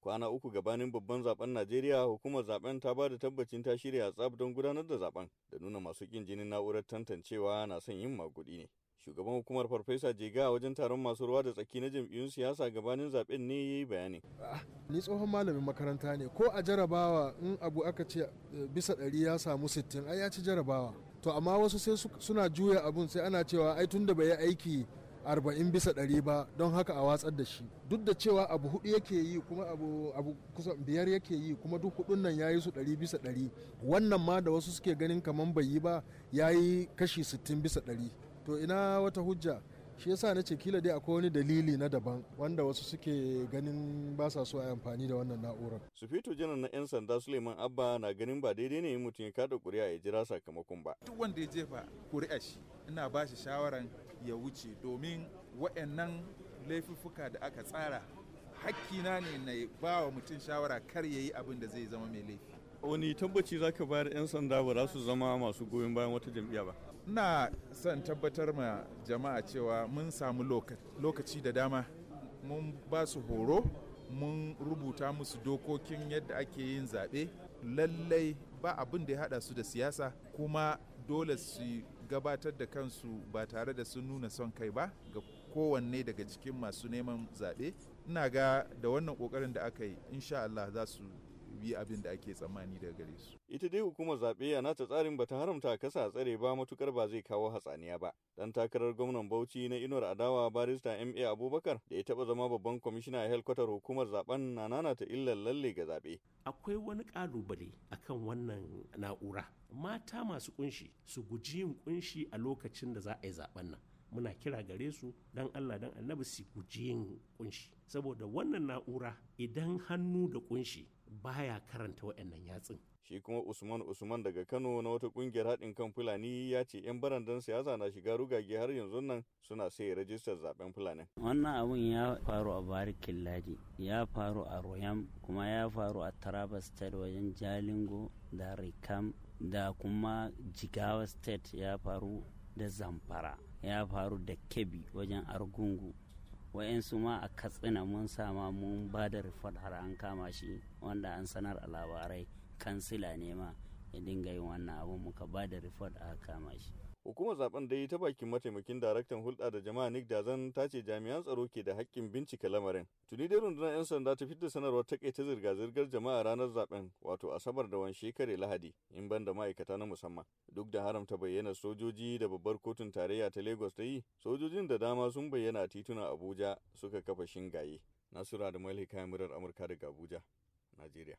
Kwana uku gabanin babban zaben Najeriya hukumar zaben ta ba da tabbacin ta shirya tsab don gudanar da zaben da nuna masu kin jinin na'urar tantancewa na son yin magudi ne. shugaban hukumar farfesa jega wajen taron masu ruwa da tsaki na jam'iyyun siyasa gabanin zaben ne ya yi bayani ni tsohon malamin makaranta ne ko a jarabawa in abu aka ce eh, bisa ɗari ya samu sittin ai ya ci jarabawa to amma wasu sai suna juya abun sai ana cewa ai tun da bai yi aiki arba'in bisa ɗari ba don haka a watsar da shi duk da cewa abu hudu yake yi kuma abu, abu kusan biyar yake yi kuma duk hudun nan yayi su ɗari bisa ɗari wannan ma da wasu suke ganin kamar bai yi ba yayi kashi sittin bisa ɗari to ina wata hujja shi yasa na ce kila dai akwai wani dalili na daban wanda wasu suke ganin ba sa so a amfani da wannan na'urar. sufito janar na 'yan sanda suleiman abba na ganin ba daidai ne mutum ya kada kuri'a ya jira sakamakon ba duk wanda ya jefa kuri'a shi ina ba shawaran ya wuce domin waɗannan laifuffuka da aka tsara hakkina ne na ba wa mutum shawara kar ya yi abin da zai zama mai laifi wani tabbaci za ka bayar 'yan sanda ba za su zama masu goyon bayan wata jam'iyya ba na son tabbatar ma jama'a cewa mun samu lokaci da dama mun ba su horo mun rubuta musu dokokin yadda ake yin zaɓe lallai ba abin da ya haɗa su da siyasa kuma dole su gabatar da kansu ba tare da sun nuna son kai ba ga kowanne daga cikin masu neman zaɓe ina ga da wannan ƙoƙarin da aka yi insha Allah za su bi abin da ake tsammani daga gare su. Ita dai hukumar zaɓe a nata tsarin bata haramta kasa tsare ba matukar ba zai kawo hatsaniya ba. Dan takarar gwamnan Bauchi na Inuwar Adawa barista MA Abubakar da ya taɓa zama babban kwamishina a helkwatar hukumar zaɓen na ta illar lalle ga zaɓe. Akwai wani ƙalubale kan wannan na'ura. Mata masu kunshi su guji yin kunshi a lokacin da za a yi zaɓen nan. muna kira gare su dan Allah dan annabi su guji yin kunshi saboda wannan na'ura idan hannu da kunshi baya karanta waɗannan yatsun. Shi kuma Usman Usman daga Kano na wata ƙungiyar haɗin kan Fulani ya ce 'yan barandan siyasa na shiga rugage har yanzu nan suna sai rajistar zaben Fulani. Wannan abun ya faru a Barikin Ladi, ya faru a Royam, kuma ya faru a Taraba State wajen Jalingo da Rikam da kuma Jigawa State ya faru da Zamfara, ya faru da Kebbi wajen Argungu. wa'yansu ma a katsina mun sama mun ba da rifot har an kama shi wanda an sanar a labarai kansila ne ma ya dinga yin wannan abun muka ba da rifot a kama shi Hukumar zaben dai ta bakin mataimakin daraktan hulɗa da jama'a Nick Dazan ta ce jami'an tsaro ke da haƙƙin bincika lamarin. Tuni dai rundunar 'yan sanda ta fitar sanarwar takaita zirga-zirgar jama'a ranar zaben wato Asabar da wani shekare Lahadi in ban da ma'aikata na musamman. Duk da haramta bayyana sojoji da babbar kotun tarayya ta Lagos ta yi, sojojin da dama sun bayyana tituna Abuja suka kafa shingaye. Nasura da Malika Murar Amurka daga Abuja, Najeriya.